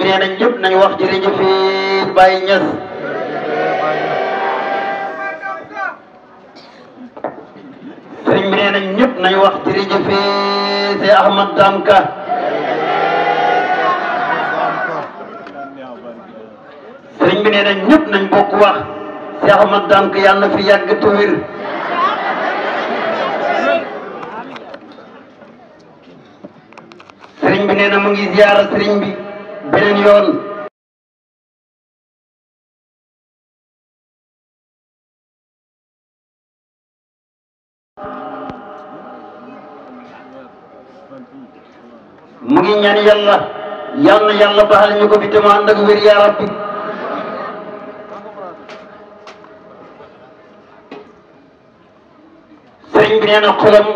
Sering nee na ñëpp nañu wax jërëjëf Baye Niass sëriñ bi nee ñëpp nañu wax jërëjëf Cheikh Ahmad damka sëriñ bi nee ñëpp nañ bokk wax Ahmad damka fi bi beneen yoon. mu ngi ñaan yàlla yàlla ñu ko fi te mu ànd ak rabbi sëriñ bi nee na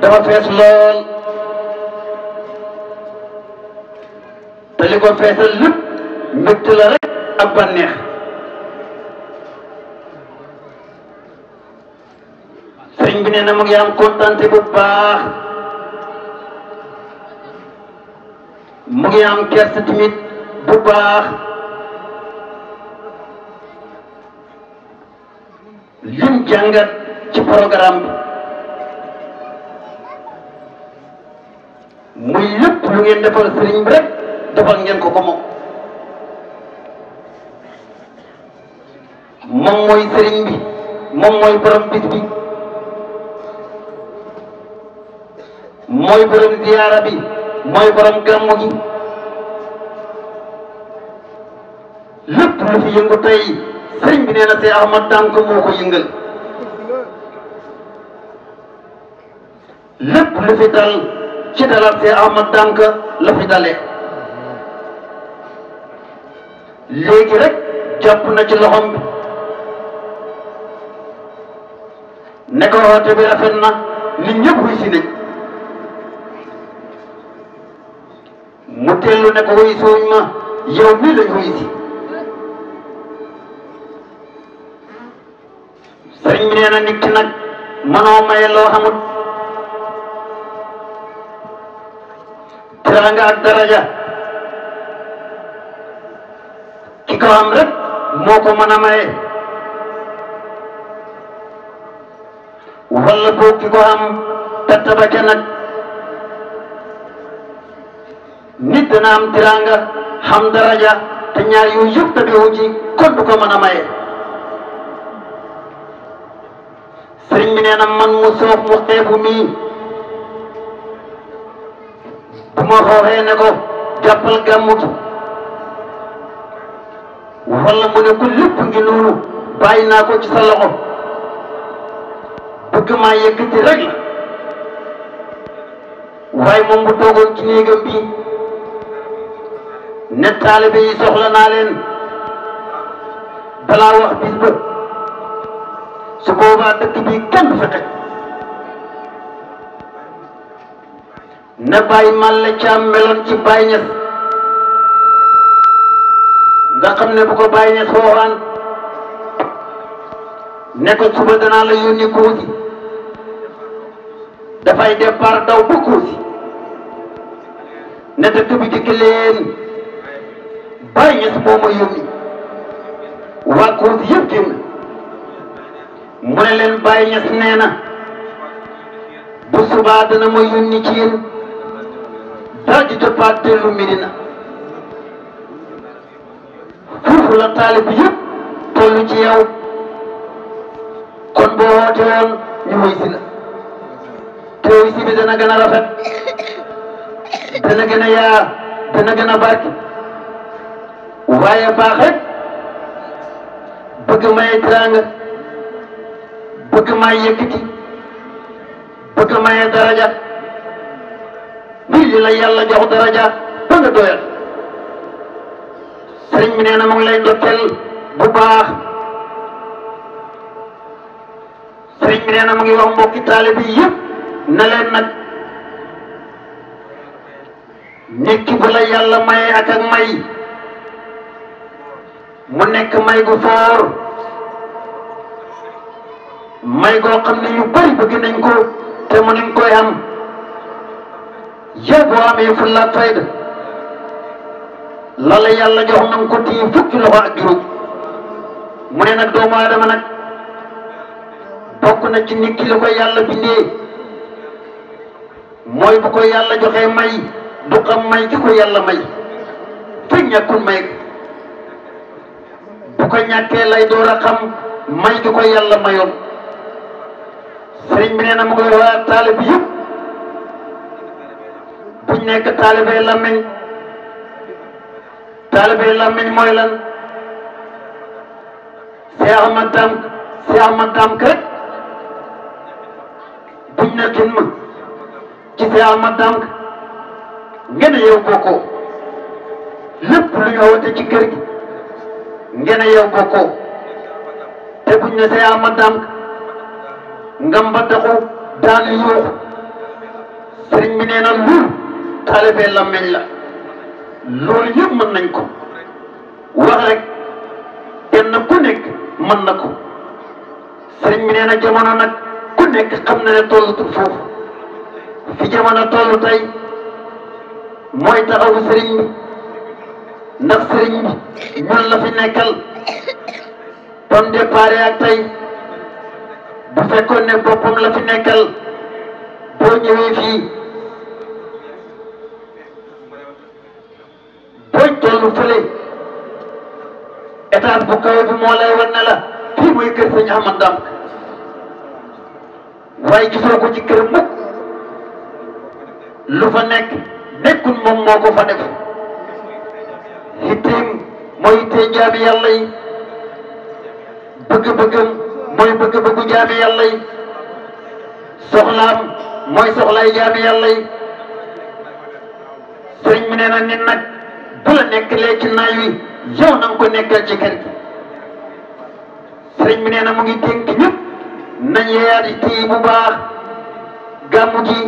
dafa fees lool li ko feesal lépp mbégte la rek ak bànneex sëriñ bi nee na mu ngi am kontante bu baax am kersa tamit bu baax lim ci programme muy lépp lu ngeen defal sëriñ bi defal ngeen ko ko moom moom mooy sëriñ bi moom mooy borom bis bi mooy borom ziyaara bi mooy borom gàmmu gi lépp lu fi yëngu tey sëriñ bi nee see Ahmad daan moo ko yëngal lépp lu fi dal ci dalal see Ahmad daan la fi dalee léegi rek jàpp na ci loxom bi ne ko woote bi na nit ñëpp wuy si mu tellu ne ko wuy suuñ ma mii lañ wuy si sëriñ bi nee na nit nag mënoo maye loo xamut teraanga ak daraja ikraam rek moo ko mën a maye walla boog ki ko am tetta ba ca nag nit am tiranga xam daraja te ñaar yooyu yëpp tabiwu ci kon du ko mën a maye sëriñ bi nee man mu soof mu xeebu mii bu ma xooxee ne ko jàppal gàmmu wala mu ne ko lépp ngi noonu bàyyi naa ko ci sa loxo bëgg maa yëkkati rek la waaye moom bu toogoon ci néegam bi ne taalibe yi soxla naa leen balaa wax bis ba su boobaa dëkk bi kenn du fa teg ne caam meloon ci bàyyi ñes nga xam ne bu ko bàyyi ñes fooxaan ko suba danaa la yónni kuusi dafay départ daw ba kuusi ne dëkk bi leen bàyyi ñes moo ma yónni waa kuusi yëpp génn mu ne leen bàyyi ñes nee bu subaa dana ma yónni ci yéen daal di départ dellu Medina foofu la taalib yëpp tollu ci yow kon boo woote woon ñu wuy bi dana gën a rafet dana gën a yaar waaye baax bëgg maye teraanga bëgg maye yëkkati bëgg maye daraja mbir yi la yàlla daraja ba nga sëriñ bi nee na mu ngi lay ndokkeel bu baax sëriñ bi nee na mu ngi wax mbokki taalibe yi yëpp ne leen nag nit ki bala yàlla maye ak ak may mu nekk may gu foor may goo xam ne yu bëri bëgg nañ ko te mënuñ koy am yëpp boo fayda la la yàlla jox na ko téye fukki loxo ak juróom mu ne nag doomu aadama nag bokk na ci nit ki la ko yàlla bindee mooy bu ko yàlla joxee may du xam may ki ko yàlla may fekk ñàkkul may bu ko ñàkkee lay door a xam may ki ko yàlla mayoon sëriñ bi nee na mu koy waa taalibe yëpp buñ nekk taalibe la taalibe lammiñ mooy lan Cheikh Ahmad Dame Cheikh Ahmad Dame kat buñ ne kin lépp lu ñu ci kër gi ngeen yow bokkoo te buñ ne Cheikh Ahmad Dame nga mbataxu daanu yuux sëriñ bi nee na lool taalibe lammiñ la loolu yëpp mën nañ ko wax rek kenn ku nekk mën na ko sëriñ bi nee na ku nekk xam na ne tollutul foofu fi jamono tollu tey mooy taxawu sëriñ bi ndax sëriñ bi ñun la fi nekkal bam bu fekkoon ne boppam la boo ñëwee fii. dellu fële étage bu kawe bi moo lay wan ne la fii mooy kër sëñ Ahmad waaye gisoo ko ci kër mukk lu fa nekk nekkul moom moo ko fa def hitteem mooy hittee jaami yàlla yi bëgg-bëggam mooy bëgg-bëggu jaami yàlla yi soxlaam mooy soxlaay jaami yàlla yi sëñ bi nee na nit nag ku la nekk lee ci naaj yow na nga ko nekkal ci kër gi bi nee na mu ngi dénk ñëpp nañ yeeyaat yi téye bu baax gàmmu gi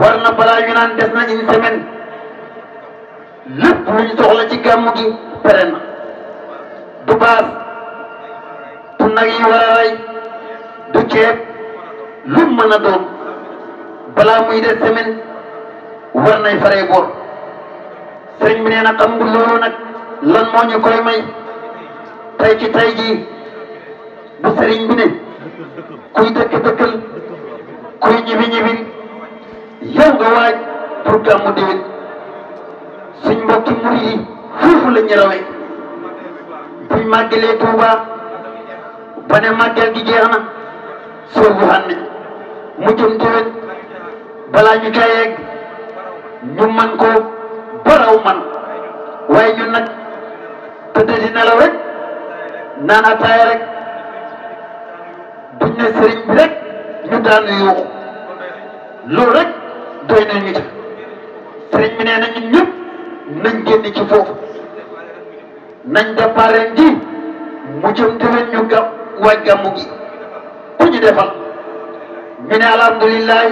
war na balaa ñu naan des na semaine lépp lu ñu soxla ci gàmmu gi pare na du baas du nag yi war du ceeb lu mën a doon balaa muy des semaine war nay faree bor sëriñ bi nee na xam nga loolu nag lan moo ñu koy may tey ci tey jii bu sëriñ bi ne kuy dëkk dëkkal kuy ñibi ñibi yow nga waaj pour gàmmu déwén suñ mbokki mur yi foofu la ñu rawee buñ màggalee Tuuba ba ne màggal gi jeex na soobu xam ne mu jëm déwén balaa ñu koy ñu man ko baraw man waaye ñun nag tëdd di nelaw rek naan rek buñ ne sëriñ bi rek ñu daanu yuuxu loolu rek doy na ñu sëriñ bi nee na ñun nañ génn ci foofu nañ départ ren mu jëm déwén ñu gam waaj gàmmu gi ku ñu defal ñu ne alhamdulilah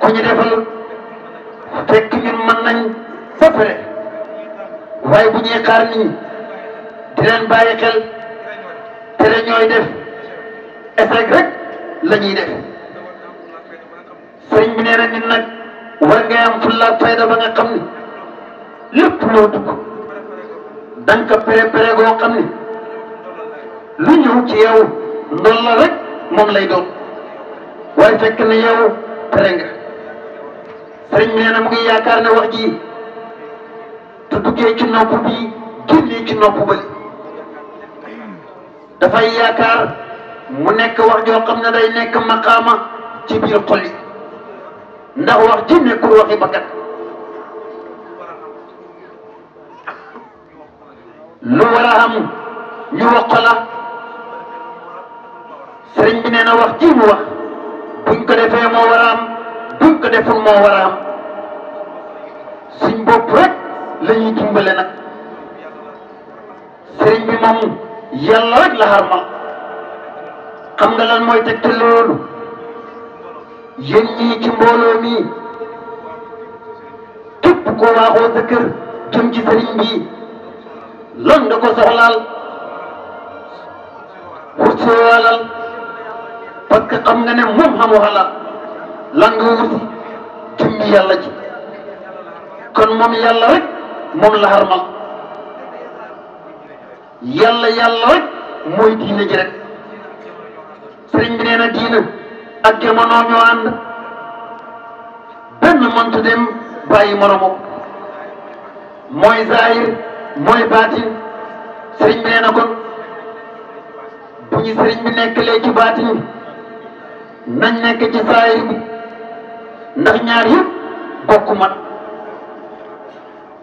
ku ñu defal. fekk ñun mën nañ ba pare waaye bu ñuy xaar nit ñi di leen bàyyi xel ñooy def échec rek la def sëriñ bi nee na nag war ngay am fulla fayda ba nga xam ni lépp loo dugg da nga ko goo xam ni lu ñëw ci yow ndool rek moom lay doon waaye fekk na yow tere nga sëriñ nee na mu ngi yaakaar ne wax ji te duggee ci nopp bi génnee ci nopp bële dafay yaakaar mu nekk wax joo xam na day nekk maqaama ci biir xol yi ndax wax ji nekkul waxi bakkat lu war ñu wax ko la bi nee na wax ji mu wax buñ ko defee moo war buñ ko deful moo war a bopp rek la ñuy dimbale nag sëriñ bi moom yàlla rek la xarmal xam nga lan mooy tegte loolu yéen ñii ci mbooloo mii waaxoo sa kër jëm sëriñ bi lan nga ko soxlaal xursoowaalal parce que xam nga ne moom xamu xalaat lan wuti jëmmi yàlla ji kon moom yàlla rek moom la xarmal yàlla yàlla rek mooy diine ji rek sëriñ bi nee na diine ak jamono ñoo ànd benn mëntu dem bàyyi moroomam mooy zahir mooy baatin sëriñ bi nee na kon bu ñu sëriñ bi nekk lee ci baatin nañ nekk ci zahir bi ndax ñaar yëpp bokku man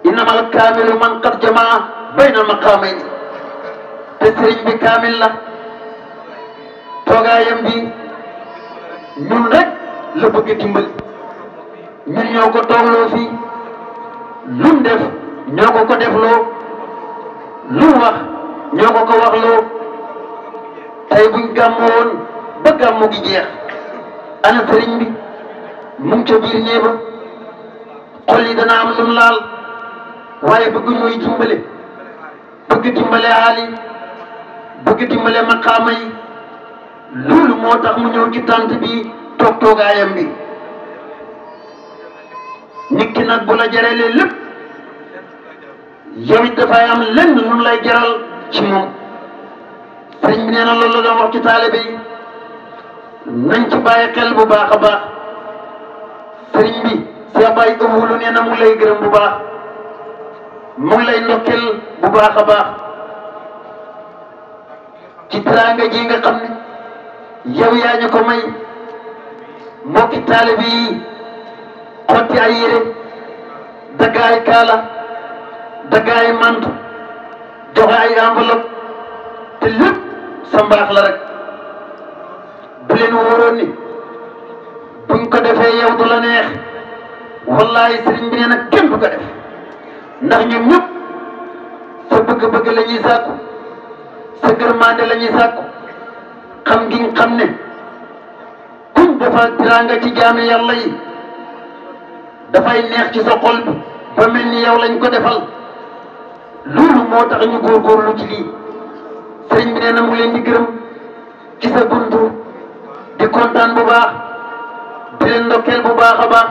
innamal kaamilu man qad jamaa bayna maqaamayn te sëriñ bi kaamil la toogaayam bi ñun rek la bëgg a dimbali ñoo ko toogloo fii lu mu def ñoo ko ko defloo lu wax ñoo ko ko waxloo tey buñ gàmmu woon ba gàmmu gi jeex ana sëriñ bi mu ngi ca biir néew dana am lu mu laal waaye bëgg ñooy dimbale bëgg dimbale aal bëgg dimbale maqaama yi moo tax mu ñëw ci tant bi toog toogaayam bi nit ki nag bu la jaralee lépp yow it lenn lu lay jaral ci moom sëñ bi nee na loolu la doon wax ci taalibe yi nañ ci bàyyi xel bu baax a sëriñ bi Cheikh Baye Ëwulu nee na mu lay gërëm bu baax mu ngi lay ndokkeel bu baax a baax ci teraanga nga xam ne yow yaa ñu ko may mbokki taalibe yi xotti ay yére kaala daggaay mant joxe ay te lépp sa mbaax la rek bu leen buñ ko defee yow du la neex wallahi sëriñ bi nee nag kenn du def ndax ñun ñëpp sa bëgg-bëgg la ñuy sàkku sa gërmande la sàkku xam ngi xam ne kuñ defal tiranga ci jaami yàlla yi dafay neex ci sa xol bi ba mel ni yow lañ ko defal loolu moo tax ñu góorgóorlu ci lii sëriñ bi nee na mu leen di gërëm ci sa buntu di kontaan bu di bu baax a baax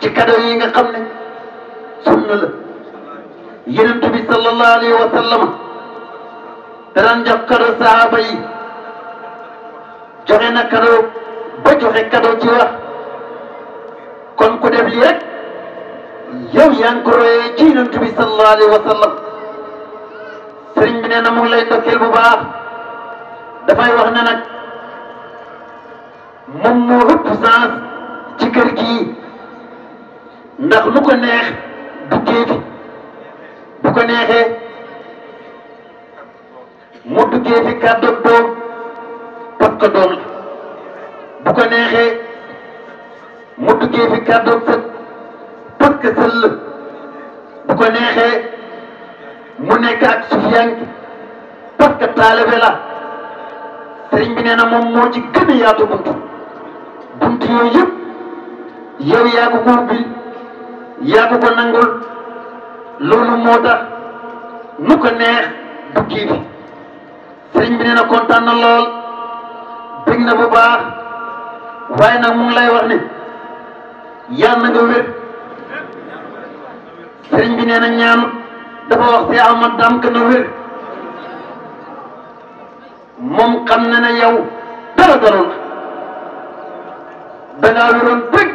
ci cadeau yi nga xam ne sunna la yonent joxe na cadeau ba joxe cadeau ci wax kon ku def lii rek yow yaa ngi ko royee ci yonent bi sallallahu alayhi bi nee na mu lay ndokkeel bu baax dafay wax ne nag moom moo ëpp sens ci kër gi ndax lu ko neex duggee fi bu ko neexee mu duggee fi kàddoog doom pot ko doom bu ko neexee mu duggee fi kàddoog sët pot ko sëll bu ko neexee mu nekk ak sufiyank pot ko taalibe la sëriñ bi nee na moom moo ci yaatu buntu def yooyu yëpp yow yaa ko ko ubbil yaa ko ko nangul ko neex du kii bi sëriñ bi nee na kontaan na lool na bu baax waaye nag mu ngi wax ne yàlla na nga wér sëriñ bi na ñaan dafa wax si Ahmad Dame que na moom xam na ne yow dara dara dangaa yoroon dëgg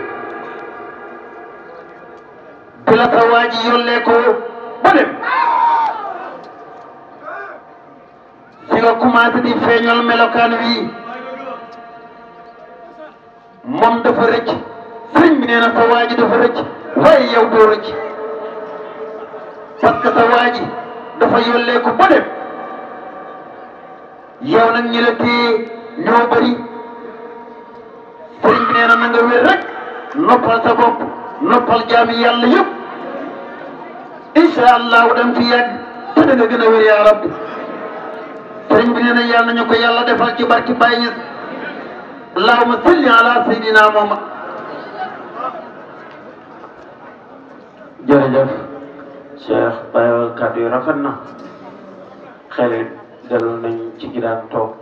bi la sa waa ba dem si nga di feeñal melokaan wi moom dafa rëcc sëñ bi nee na sa waa ji dafa rëcc waaye yow doo rëcc parce que dafa yónnee ba dem yow nag ñi la téye ñoo nee na na nga wér rek jaami yàlla yëpp incha allahu dem fi yàgg te da nga gën a wér yaa rabbi sëriñ bi nee na yàlla ko yàlla defal ci barki Baye Niass allahumma salli ala sayyidina Muhammad jërëjëf Cheikh Baye kàddu yi rafet na xel ci gi daan